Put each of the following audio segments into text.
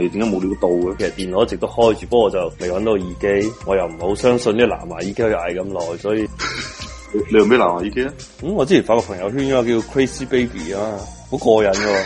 你點解冇料到嘅？其實電腦一直都開住，不過就未揾到耳機，我又唔好相信啲藍牙耳機又挨咁耐，所以 你用咩藍牙耳機咧？咁、嗯、我之前發個朋友圈嗰、啊、個叫 Crazy Baby 啊，好過癮嘅、啊。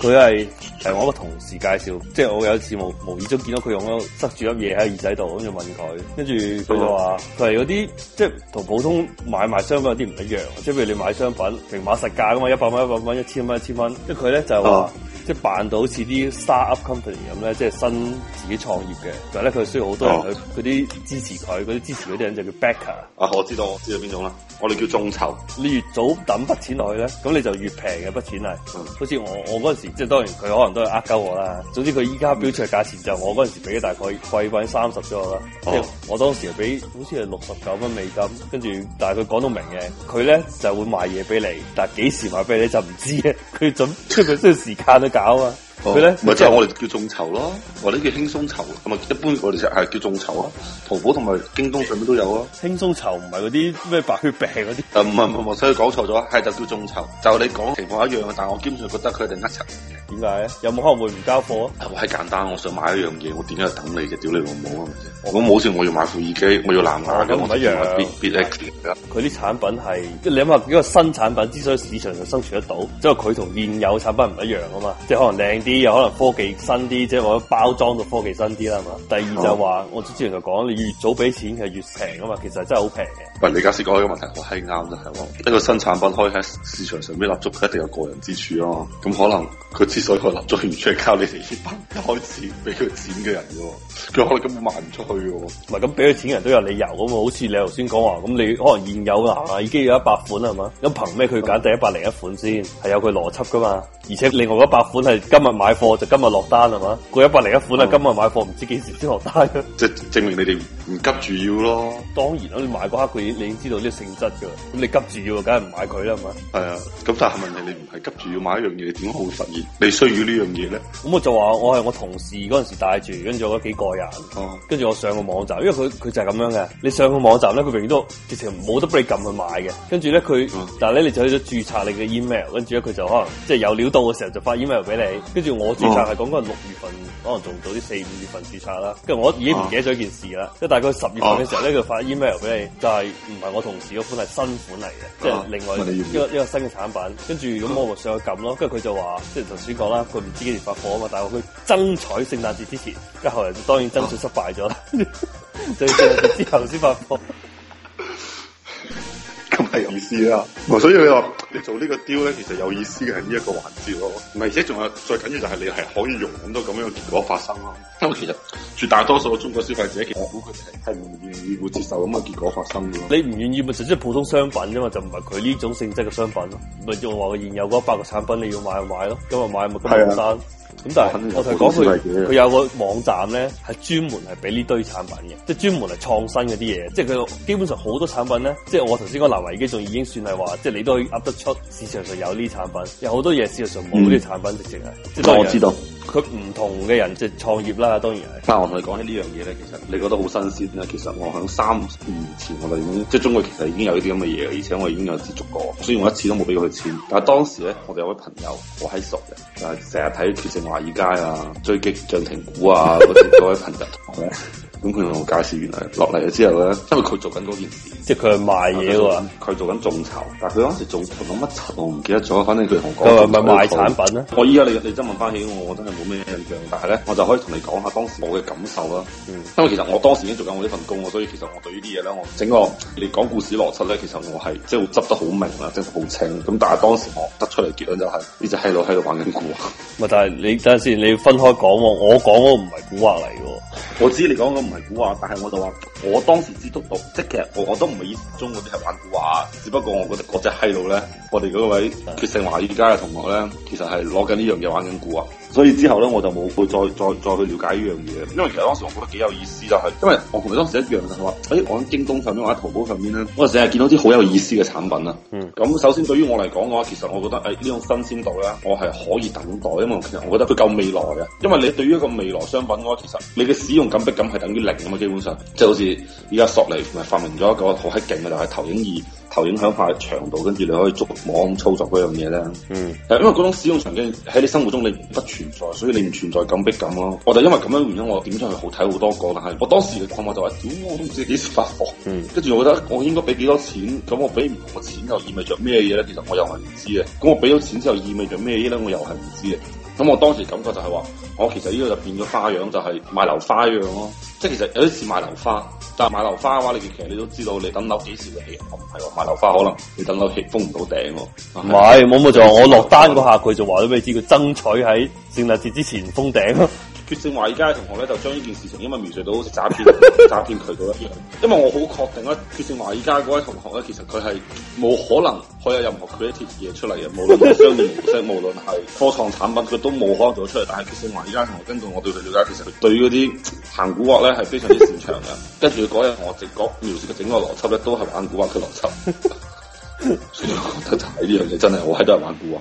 佢係係我一個同事介紹，即、就、係、是、我有一次無無意中見到佢用咗塞住粒嘢喺耳仔度，咁就問佢，嗎跟住佢就話佢係有啲即係同普通買賣商品有啲唔一樣、啊，即係譬如你買商品平碼實價噶嘛，一百蚊一百蚊，一千蚊一千蚊，即係佢咧就話。 即係扮到好似啲 startup company 咁咧，即係新自己創業嘅。但係咧，佢需要好多人去啲、哦、支持佢，嗰啲支持嗰啲人就叫 backer。啊，我知道，我知道邊種啦。我哋叫眾籌。你越早抌筆錢落去咧，咁你就越平嘅筆錢係。嗯、好似我我嗰陣時，即係當然佢可能都係呃鳩我啦。總之佢依家標出嘅價錢就我嗰陣時俾嘅大概貴翻三十咗啦。哦。即係我當時係俾，好似係六十九蚊美金，跟住但係佢講到明嘅，佢咧就會賣嘢俾你，但係幾時賣俾你就唔知啊。佢準即係需要時間啊。 搞啊！佢咧，咪即係我哋叫眾籌咯，或者叫輕鬆籌，咁啊一般我哋就係叫眾籌啊。淘寶同埋京東上面都有啊。輕鬆籌唔係嗰啲咩白血病嗰啲。誒唔係唔係，所以講錯咗，係就叫眾籌。就你講情況一樣啊，但係我基本上覺得佢哋呃柒。點解有冇可能會唔交貨啊？係簡單，我想買一樣嘢，我點解等你嘅？屌你老母啊！唔係，我冇事，我要買副耳機，我要藍牙咁唔一樣啊！佢啲產品係，你諗下，一個新產品之所以市場就生存得到，即係佢同現有產品唔一樣啊嘛，即係可能靚啲。又可能科技新啲，即係或者包裝到科技新啲啦，係嘛？第二就話、是，好我之前就講，你越早俾錢係越平啊嘛，其實真係好平嘅。喂，係，李家先講呢個問題好閪啱啫，係喎。一個新產品可以喺市場上邊立足，佢一定有個人之處咯。咁可能佢之所以佢立足唔出，靠你哋一開始俾佢錢嘅人啫。佢可能根本賣唔出去嘅。唔咁、嗯，俾佢錢嘅人都有理由嘅嘛。好似你頭先講話，咁你可能現有啊已經有一百款啦，係嘛？咁憑咩佢揀第一百零一款先？係有佢邏輯嘅嘛？而且另外一百款係今日買貨就今日落單係嘛？嗰一百零一款係今日買貨唔、嗯、知幾時先落單嘅。即係證明你哋唔急住要咯。當然，你買嗰一刻你已經知道啲性質嘅，咁你急住要，梗係唔買佢啦，係嘛？係啊，咁但係問題你唔係急住要買一樣嘢，點好實現？你需要呢樣嘢咧？咁我就話我係我同事嗰陣時帶住，跟住嗰幾個人，跟住、啊、我上個網站，因為佢佢就係咁樣嘅。你上個網站咧，佢永遠都直情冇得俾你撳去買嘅。跟住咧，佢、啊、但係咧，你就去咗註冊你嘅 email，跟住咧佢就可能即係、就是、有料到嘅時候就發 email 俾你。跟住我註冊係講緊六月份，啊、可能仲早啲四五月份註冊啦。跟住我已經唔記得咗一件事啦，即、啊、大概十月份嘅時候咧，佢、啊、發 email 俾你，就係、是。唔係我同事嗰款，係新款嚟嘅，啊、即係另外一個一個,一個新嘅產品。跟住咁我咪上去撳咯，跟住佢就話，即係頭先講啦，佢唔知幾時發貨啊嘛，但係佢爭取聖誕節之前，跟住後來就當然爭取失敗咗啦，所以聖誕節之後先發貨。係有意思啦，所以你話你做呢個雕咧，其實有意思嘅係呢一個環節咯。唔係，而且仲有最緊要就係你係可以用很多咁樣嘅結果發生咯。咁其實絕大多數嘅中國消費者其實估佢哋係唔願意會接受咁嘅結果發生嘅。你唔願意咪實質普通商品啫嘛，就唔係佢呢種性質嘅商品咯。咪要話佢現有嗰一百個產品，你要買就買咯，今日買咪今日下單。咁但係我同講佢，佢有個網站咧，係專門係俾呢堆產品嘅，即係專門係創新嗰啲嘢，即係佢基本上好多產品咧，即係我頭先講藍牙耳機仲已經算係話，即係你都可以噏得出市場上有呢產品，有好多嘢市場上冇啲產品直情係，即係是我知道。佢唔同嘅人即係創業啦，當然係。但係、啊、我同你講起呢樣嘢咧，其實你覺得好新鮮咧。其實我喺三年前我哋已經即係、就是、中國其實已經有啲咁嘅嘢，而且我已經有接觸過。雖然我一次都冇俾佢錢，但係當時咧，我哋有位朋友我係熟嘅，就係成日睇《決勝華爾街》啊，啊《追擊漲停股》啊嗰啲多位朋友。 咁佢同我介紹，原來落嚟之後咧，因為佢做緊嗰件事，即係佢賣嘢喎。佢做緊眾籌，但係佢嗰陣時眾籌緊乜籌，我唔記得咗。反正佢同我講，佢係咪賣產品咧？我依家你你真問翻起我，我真係冇咩印象。但係咧，我就可以同你講下當時我嘅感受啦。嗯、因為其實我當時已經做緊我呢份工，所以其實我對於呢啲嘢咧，我整個你講故事邏輯咧，其實我係即係會執得好明啊，執得好清。咁但係當時我得出嚟結論就係、是，呢隻係佬喺度玩緊古話唔係，但係你等陣先，你要分開講喎。我講嗰個唔係古話嚟嘅，我知你講嘅古話啊！但係我就話，我當時知足到，即係其實我，我都唔係依種嗰啲係玩古話，只不過我覺得嗰隻閪佬咧，我哋嗰位決勝華依家嘅同學咧，其實係攞緊呢樣嘢玩緊古話啊！所以之後咧，我就冇再再再去了解呢樣嘢，因為其實當時我覺得幾有意思就係，因為我同你當時一樣，就係、是、話、哎，我喺京東上面或者淘寶上面咧，我成日見到啲好有意思嘅產品啦。咁、嗯、首先對於我嚟講嘅話，我其實我覺得誒呢、哎、種新鮮度咧，我係可以等待，因為其實我覺得佢夠未來嘅，因為你對於一個未來商品嘅話，其實你嘅使用感、迫感係等於零咁嘛，基本上即係好似而家索尼咪發明咗一個好黑勁嘅就係、是、投影儀。頭影響快長度，跟住你可以逐網操作嗰樣嘢咧。嗯，係因為嗰種使用場景喺你生活中你不存在，所以你唔存在感逼感咯。我就因為咁樣原因，我點出去好睇好多個，但係我當時嘅困惑就係點、哦、我都唔知幾時發貨。嗯，跟住我覺得我應該俾幾多錢，咁我俾唔同嘅錢又意味著咩嘢咧？其實我又係唔知啊。咁我俾咗錢之後意味著咩嘢咧？我又係唔知啊。咁我當時感覺就係話，我其實呢個入邊嘅花樣就係賣樓花樣咯，即係其實有啲似賣樓花。但買樓花嘅話，你其實你都知道，你等樓幾時會起？唔係喎，買樓花可能你等樓起封唔到頂喎，啊。唔係是，冇冇就我落單嗰下，佢話就話咗畀你知佢爭取喺聖誕節之前封頂，啊。 決勝華爾街嘅同學咧，就將呢件事情，因為描述到詐騙，詐騙渠道啦。因為我好確定啦，決勝華爾街嗰位同學咧，其實佢係冇可能可以有任何 creative 嘢出嚟嘅，無論係商業模式，無論係科創產品，佢都冇可能做出嚟。但係決勝華爾街同學，根據我對佢了解，其實佢對嗰啲行蠱惑咧係非常之擅長嘅。跟住嗰日我直覺描述嘅整個邏輯咧，都係玩蠱惑嘅邏輯。睇呢樣嘢真係，我係都係玩蠱惑！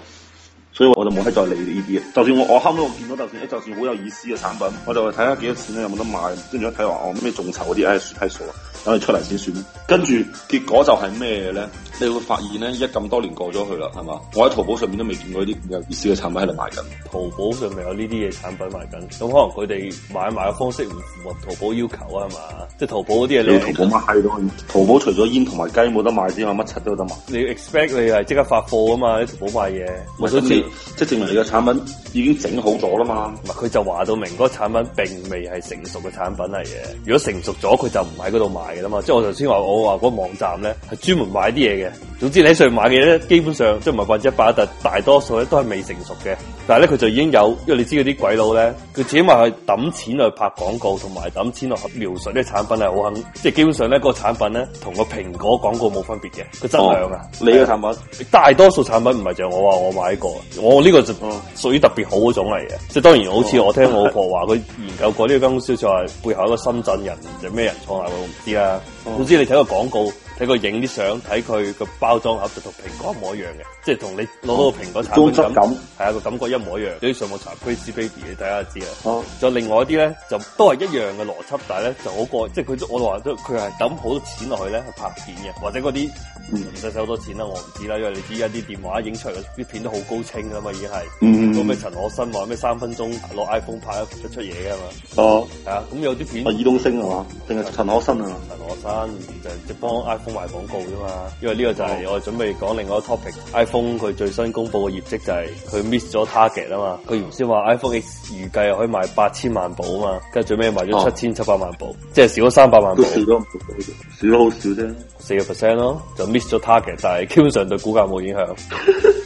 所以我就冇喺度理呢啲，就算我我後屘我見到，就算一就算好有意思嘅產品，我就去睇下幾多錢，有冇得買。跟住一睇，話，我咩眾籌嗰啲，唉，太傻，等佢出嚟先算。跟住結果就係咩咧？你會發現咧，一咁多年過咗去啦，係嘛？我喺淘寶上面都未見過啲有意思嘅產品喺度賣緊。淘寶上面有呢啲嘢產品賣緊，咁可能佢哋買賣嘅方式唔符合淘寶要求啊，係嘛？即係淘寶嗰啲嘢，你淘寶買到，係嘛？淘寶除咗煙同埋雞冇得賣之外，乜柒都有得賣。你 expect 你係即刻發貨啊嘛？啲淘寶買嘢，我想即係證明你嘅產品已經整好咗啦嘛？唔係，佢就話到明，嗰個產品並未係成熟嘅產品嚟嘅。如果成熟咗，佢就唔喺嗰度賣嘅啦嘛。即係我頭先話，我話嗰個網站咧係專門買啲嘢總之你喺上面買嘅嘢咧，基本上即係唔係百分之一百，但大多數咧都係未成熟嘅。但係咧佢就已經有，因為你知道啲鬼佬咧，佢只係話去抌錢去拍廣告，同埋抌錢去描述啲產品係好肯，哦、即係基本上咧、個產品咧同個蘋果廣告冇分別嘅。個質量啊，哦、以你嘅產品大多數產品唔係就我話我買過、這個，我呢個就屬於特別好嗰種嚟嘅。即係、哦、當然，好似我聽我老婆話，佢、哦、研究過呢間公司就係背後一個深圳人，就咩人創下。我唔知啊。哦哦、總之你睇個廣告，睇佢影啲相，睇佢。個包裝盒就同蘋果一模一樣嘅，即係同你攞到個蘋果產品感係啊，個感，感覺一模一樣。你上網查 Grace Baby，你睇下就知啦。哦、啊，再另外一啲咧，就都係一樣嘅邏輯，但係咧就好過，即係佢都我話佢係抌好多錢落去咧去拍片嘅，或者嗰啲唔使使好多錢啦、啊，我唔知啦，因為你知而家啲電話影出嚟啲片都好高清噶嘛，已經係。嗯嗯。咁咩陳可辛話咩三分鐘攞 iPhone 拍出出嘢噶嘛？哦，係啊，咁、啊、有啲片。哦，爾冬升係嘛？定係陳可辛啊？陳可辛就係幫 iPhone 賣廣告啫嘛，因為呢個就係我準備講另外一個 topic，iPhone 佢最新公布嘅業績就係佢 miss 咗 target 啊嘛，佢原先話 iPhone X 預計可以賣八千萬部啊嘛，跟住最尾賣咗七千七百萬部，即係少咗三百萬部。少咗少咗好少啫，四個 percent 咯，就 miss 咗 target，但係基本上對股價冇影響。